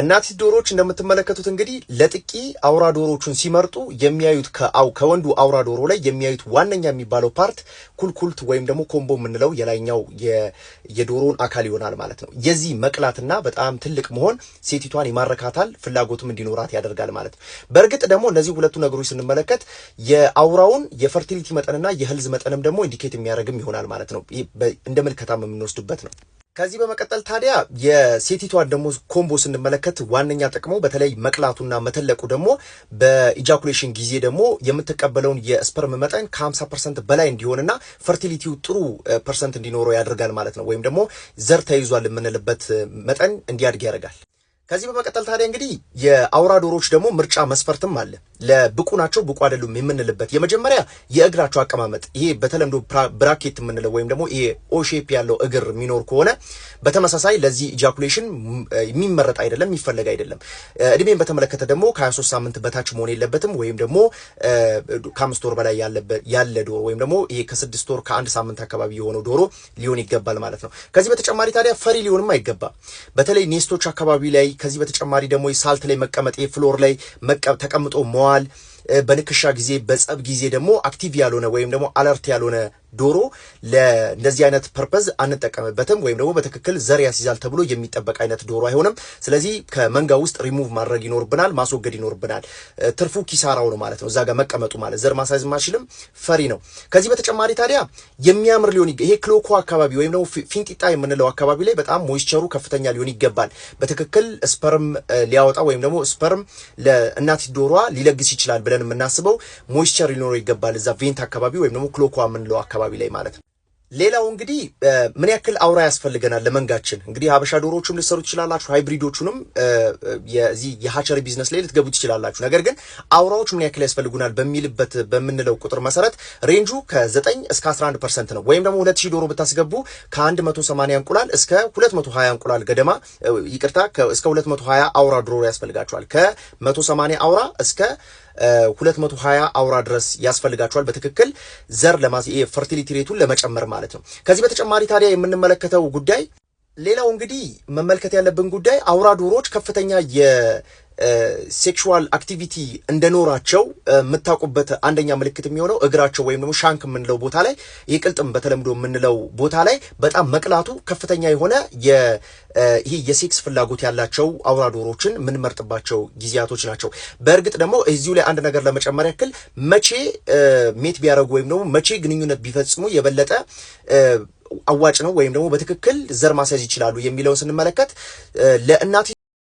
እናቲት ዶሮዎች እንደምትመለከቱት እንግዲህ ለጥቂ አውራ ዶሮዎቹን ሲመርጡ የሚያዩት ከአው ከወንዱ አውራ ዶሮ ላይ የሚያዩት ዋነኛ የሚባለው ፓርት ኩልኩልት ወይም ደግሞ ኮምቦ የምንለው የላይኛው የዶሮውን አካል ይሆናል ማለት ነው። የዚህ መቅላትና በጣም ትልቅ መሆን ሴቲቷን ይማረካታል፣ ፍላጎትም እንዲኖራት ያደርጋል ማለት ነው። በእርግጥ ደግሞ እነዚህ ሁለቱ ነገሮች ስንመለከት የአውራውን የፈርቲሊቲ መጠንና የህልዝ መጠንም ደግሞ ኢንዲኬት የሚያደርግም ይሆናል ማለት ነው። እንደ ምልከታም የምንወስድበት ነው። ከዚህ በመቀጠል ታዲያ የሴቲቷን ደግሞ ኮምቦ ስንመለከት ዋነኛ ጥቅመው በተለይ መቅላቱና መተለቁ ደግሞ በኢጃኩሌሽን ጊዜ ደግሞ የምትቀበለውን የስፐርም መጠን ከ50 ፐርሰንት በላይ እንዲሆንና ፈርቲሊቲው ጥሩ ፐርሰንት እንዲኖረው ያደርጋል ማለት ነው። ወይም ደግሞ ዘር ተይዟል የምንልበት መጠን እንዲያድግ ያደርጋል። ከዚህ በመቀጠል ታዲያ እንግዲህ የአውራ ዶሮዎች ደግሞ ምርጫ መስፈርትም አለ። ለብቁ ናቸው ብቁ አይደሉም የምንልበት የመጀመሪያ የእግራቸው አቀማመጥ፣ ይሄ በተለምዶ ብራኬት የምንለው ወይም ደግሞ ይሄ ኦሼፕ ያለው እግር የሚኖር ከሆነ በተመሳሳይ ለዚህ ኢጃኩሌሽን የሚመረጥ አይደለም፣ የሚፈለግ አይደለም። እድሜን በተመለከተ ደግሞ ከ23 ሳምንት በታች መሆን የለበትም ወይም ደግሞ ከአምስት ወር በላይ ያለ ዶሮ ወይም ደግሞ ይሄ ከስድስት ወር ከአንድ ሳምንት አካባቢ የሆነው ዶሮ ሊሆን ይገባል ማለት ነው። ከዚህ በተጨማሪ ታዲያ ፈሪ ሊሆንም አይገባ በተለይ ኔስቶች አካባቢ ላይ ከዚህ በተጨማሪ ደግሞ የሳልት ላይ መቀመጥ ፍሎር ላይ ተቀምጦ መዋል በንክሻ ጊዜ በጸብ ጊዜ ደግሞ አክቲቭ ያልሆነ ወይም ደግሞ አለርት ያልሆነ ዶሮ ለእንደዚህ አይነት ፐርፐዝ አንጠቀምበትም፣ ወይም ደግሞ በትክክል ዘር ያስይዛል ተብሎ የሚጠበቅ አይነት ዶሮ አይሆንም። ስለዚህ ከመንጋ ውስጥ ሪሙቭ ማድረግ ይኖርብናል፣ ማስወገድ ይኖርብናል። ትርፉ ኪሳራው ነው ማለት ነው። እዛ ጋር መቀመጡ ማለት ዘር ማሳይዝ ማሽልም ፈሪ ነው። ከዚህ በተጨማሪ ታዲያ የሚያምር ሊሆን ይሄ ክሎኮ አካባቢ ወይም ደግሞ ፊንጢጣ የምንለው አካባቢ ላይ በጣም ሞይስቸሩ ከፍተኛ ሊሆን ይገባል። በትክክል ስፐርም ሊያወጣ ወይም ደግሞ ስፐርም ለእናት ዶሯ ሊለግስ ይችላል ብለን የምናስበው ሞይስቸር ሊኖረው ይገባል። እዛ ቬንት አካባቢ ወይም ደግሞ ክሎኮ የምንለው አካባቢ አካባቢ ላይ ማለት ነው። ሌላው እንግዲህ ምን ያክል አውራ ያስፈልገናል ለመንጋችን? እንግዲህ ሀበሻ ዶሮዎቹም ልትሰሩ ትችላላችሁ፣ ሃይብሪዶቹንም የዚህ የሀቸሪ ቢዝነስ ላይ ልትገቡ ትችላላችሁ። ነገር ግን አውራዎች ምን ያክል ያስፈልጉናል በሚልበት በምንለው ቁጥር መሰረት ሬንጁ ከ9 እስከ 11 ፐርሰንት ነው። ወይም ደግሞ 2000 ዶሮ ብታስገቡ ከ180 እንቁላል እስከ 220 እንቁላል ገደማ ይቅርታ፣ እስከ 220 አውራ ዶሮ ያስፈልጋችኋል። ከ180 አውራ እስከ 220 አውራ ድረስ ያስፈልጋቸዋል። በትክክል ዘር ለማስ ፈርቲሊቲ ሬቱን ለመጨመር ማለት ነው። ከዚህ በተጨማሪ ታዲያ የምንመለከተው ጉዳይ ሌላው እንግዲህ መመልከት ያለብን ጉዳይ አውራ ዶሮዎች ከፍተኛ ሴክሹዋል አክቲቪቲ እንደኖራቸው የምታውቁበት አንደኛ ምልክት የሚሆነው እግራቸው ወይም ደግሞ ሻንክ የምንለው ቦታ ላይ የቅልጥም በተለምዶ የምንለው ቦታ ላይ በጣም መቅላቱ ከፍተኛ የሆነ ይህ የሴክስ ፍላጎት ያላቸው አውራ ዶሮችን የምንመርጥባቸው ጊዜያቶች ናቸው። በእርግጥ ደግሞ እዚሁ ላይ አንድ ነገር ለመጨመር ያክል መቼ ሜት ቢያደርጉ ወይም ደግሞ መቼ ግንኙነት ቢፈጽሙ የበለጠ አዋጭ ነው ወይም ደግሞ በትክክል ዘር ማስያዝ ይችላሉ የሚለውን ስንመለከት ለእናት